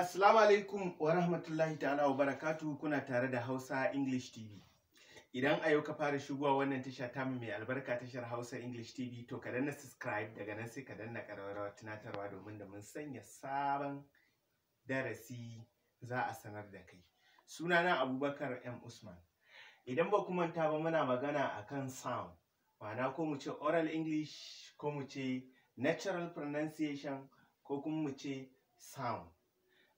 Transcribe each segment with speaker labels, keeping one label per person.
Speaker 1: Assalamu alaikum wa rahmatullahi ta'ala wa barakatu kuna tare da Hausa English TV. Idan a yau ka fara shigowa wannan tasha ta mai albarka tashar Hausa English TV to ka danna subscribe daga nan sai ka danna karawarwa tunatarwa domin da mun sanya sabon darasi za a sanar da kai. Sunana Abubakar M Usman. Idan ba ku manta ba muna magana akan sound, ma'ana ko mu ce oral English ko mu ce natural pronunciation ko kuma mu ce sound.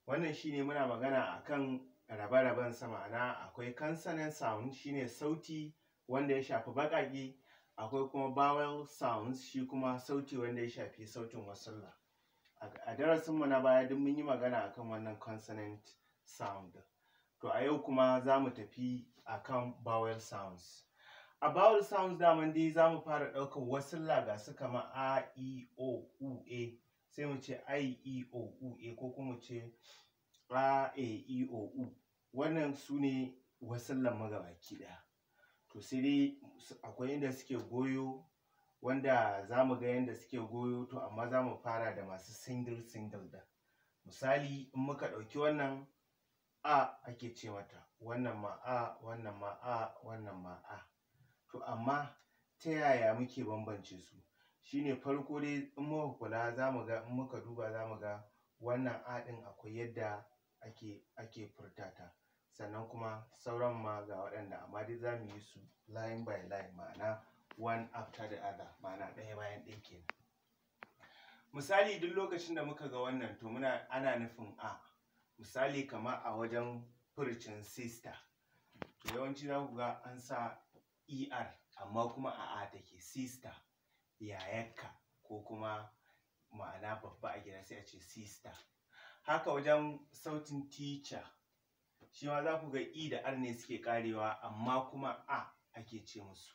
Speaker 1: wannan shine muna magana akan rabe-raben sa ma'ana akwai consonant sound shine sauti wanda ya shafi baƙaƙe akwai kuma vowel sounds shi kuma sauti wanda ya shafi sautin wasulla a darasin mu na baya duk mun yi magana akan wannan consonant sound to a yau kuma za mu tafi akan vowel sounds a vowel sounds daman dai za mu fara ɗaukar wasulla ga su kamar a i o u a e. sai mu ce i e o u e ko kuma ce a e, e, wannan su ne wasallan magabaki ɗaya to sai dai akwai inda suke goyo wanda za mu ga yadda suke goyo to amma za mu fara da masu single single da misali in muka ɗauki wannan a ake ce mata wannan ma a wannan ma a wannan ma a to amma ta yaya muke bambance su shine farko dai in muka kula za mu ga in muka duba za mu ga wannan aɗin akwai yadda ake ake furta ta sannan kuma sauran ma ga waɗanda amma dai za mu yi su line by line ma'ana one after the other ma'ana ɗaya bayan ɗaya kenan misali duk lokacin da muka ga wannan to muna ana nufin a misali kamar a wajen furcin sister to yawanci za ku ga an sa er amma kuma a a take sister yayanka ko kuma ma'ana babba a gida sai a ce sister haka wajen sautin teacher shi ma za ku ga i da r ne suke karewa amma kuma a ake ce musu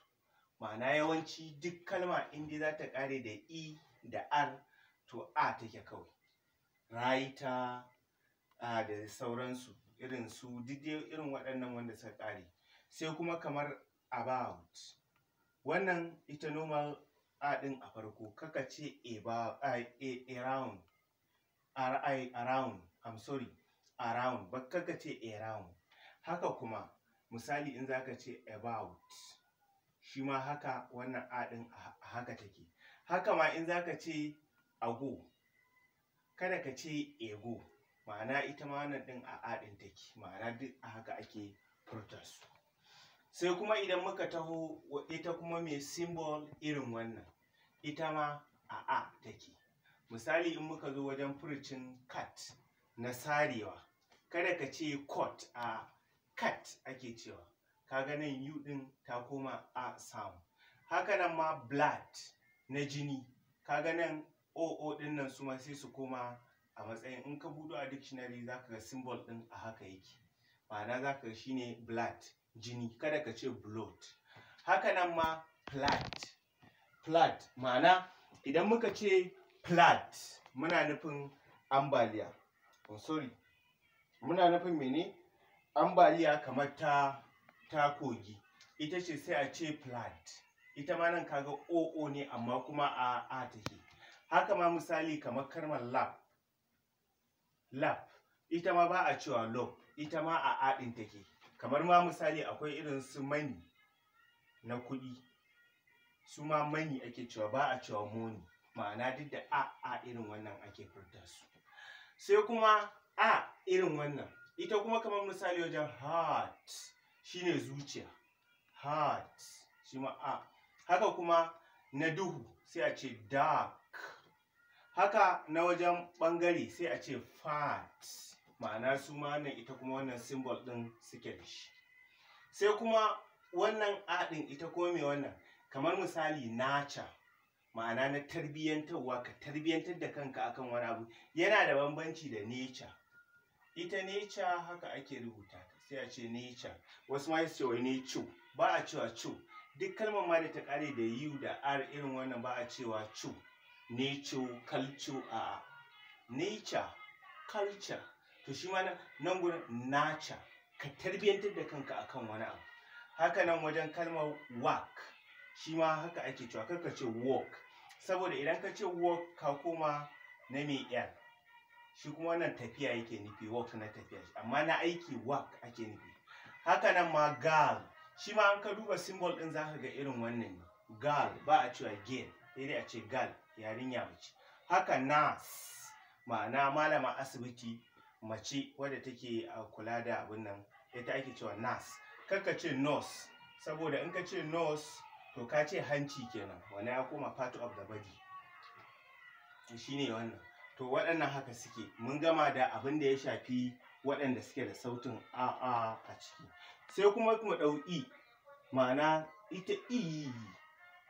Speaker 1: ma'ana yawanci duk kalma in dai za ta kare da i da r to a take kawai writer a da sauransu irin su duk irin waɗannan wanda suka kare sai kuma kamar about wannan ita normal a ɗin a farko kaka ce around ri around i'm sorry around ba kaka ce around haka kuma misali in zaka ce about shi ma haka wannan a ɗin haka take haka ma in zaka ce ago kada ka ce ego ma'ana ita ma wannan ɗin a a aɗin take ma'ana duk a haka ake furta su sai kuma idan muka taho ita kuma mai simbol irin wannan ita ma a a take misali in muka zo wajen furcin cut na sarewa kada ka ce cut a cut ake cewa kaga nan u din ta koma a sam haka nan ma blood na jini kaga nan oo din nan su ma sai su koma a matsayin in ka buɗo a dictionary zaka ga simbol din a haka yake ma'ana zaka ga shine blood jini kada ka ce blood haka nan ma plat plat ma'ana idan muka ce plat muna nufin ambaliya oh, sorry muna nufin mene ambaliya kamar ta ta kogi ita ce sai a ce plat ita ma nan kaga oo ne amma kuma a a take haka ma misali kamar karman lab lap ita ma ba a cewa lob ita ma a adin take kamar ma misali akwai irin su mani na kuɗi su ma mani ake cewa ba a cewa moni ma'ana duk da a a irin wannan ake furta su sai kuma a irin wannan ita kuma kamar misali wajen heart shine zuciya heart shi ma a haka kuma na duhu sai a ce dark haka na wajen bangare sai a ce fat ma'ana su ma wannan ita kuma wannan symbol ɗin suke da shi sai kuma wannan adin ita kuma mai wannan kamar misali nacha ma'ana na tarbiyyantarwa ka tarbiyyantar da kanka akan wani abu yana da bambanci da nature ita nature haka ake rubuta ta sai a ce nature wasu ma su wai nature ba a cewa cu duk kalmar ma da ta kare da u da r irin wannan ba a cewa cu nature culture a nature culture to shi ma nan gurin "nacha", ka tarbiyantar da kanka akan wani abu haka nan wajen kalmar work shi ma haka ake cewa "Kar ka ce work saboda idan ka ce work ka koma na mai yan shi kuma wannan tafiya yake nufi work na tafiya amma na aiki work ake nufi haka nan ma girl shi ma an ka duba symbol din zaka ga irin wannan ne girl ba a cewa girl sai dai a ce girl yarinya mace haka nas ma'ana malama asibiti mace wadda take kula da abin nan ita ake cewa nurse kaka ce nurse saboda in ka ce nurse to ka ce hanci kenan wani ya koma part of the body shine wannan to waɗannan haka suke mun gama da abin da ya shafi waɗanda suke da sautin a a a ciki sai kuma mu ɗau i e. ma'ana ita i e,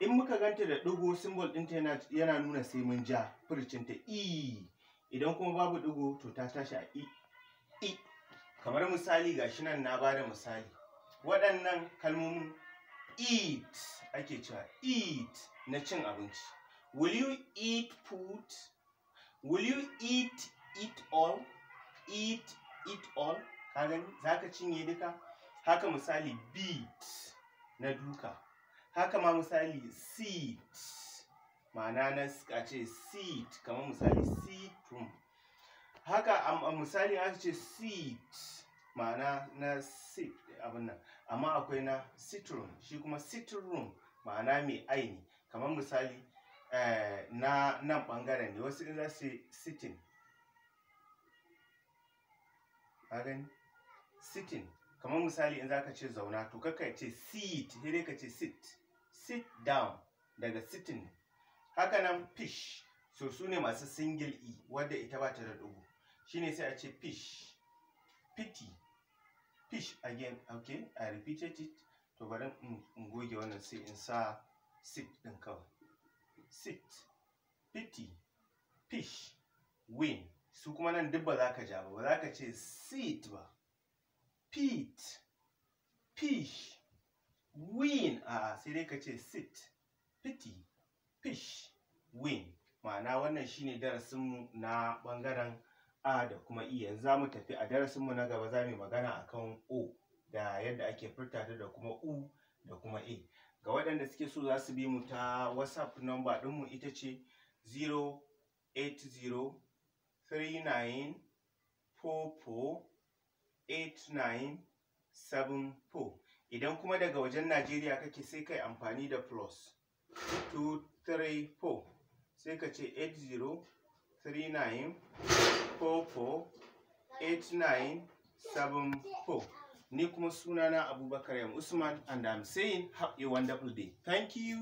Speaker 1: in muka ganta da ɗigo symbol ɗinta yana nuna sai mun ja furcinta i e. idan kuma babu digo to ta tashi a i i kamar misali gashi nan na bada misali waɗannan kalmomin eat ake cewa eat na cin abinci will you eat food will you eat it all eat it all ka gani zaka cinye duka haka misali beat na duka haka ma misali seat ma'ana na a ce seed kamar misali seed room haka a misali aka ce seed ma'ana na seed abin nan amma akwai na citron shi kuma citron ma'ana mai aini kamar misali eh, na nan ɓangaren ne wasu za su sitin gani sitin kamar misali in za ka ce zauna to kaka ce seat, sai dai ka ce sit sit down daga sitting hakanan fish so su ne masu single e wadda ita ba ta da dubu shine sai a ce fish pity fish again okay i repeated it to bari in goge wannan sai in sa sit din kawai sit pity fish win su kuma nan duk ba za ka ja ba ba za ka ce sit ba pit fish win a sai dai ka ce sit pity fish win ma'ana wannan shine darasinmu na ɓangaren a da kuma e yanzu za mu tafi a darasinmu na gaba za mu yi magana akan o da yadda ake furta ta da kuma u da kuma e ga waɗanda suke so za su bi mu ta whatsapp number ɗinmu ita ce 8974. idan kuma daga wajen najeriya kake sai kai amfani da plus 234 sai ka ce 8039448974 ni kuma sunana abubakar yam usman and i'm saying have a wonderful day thank you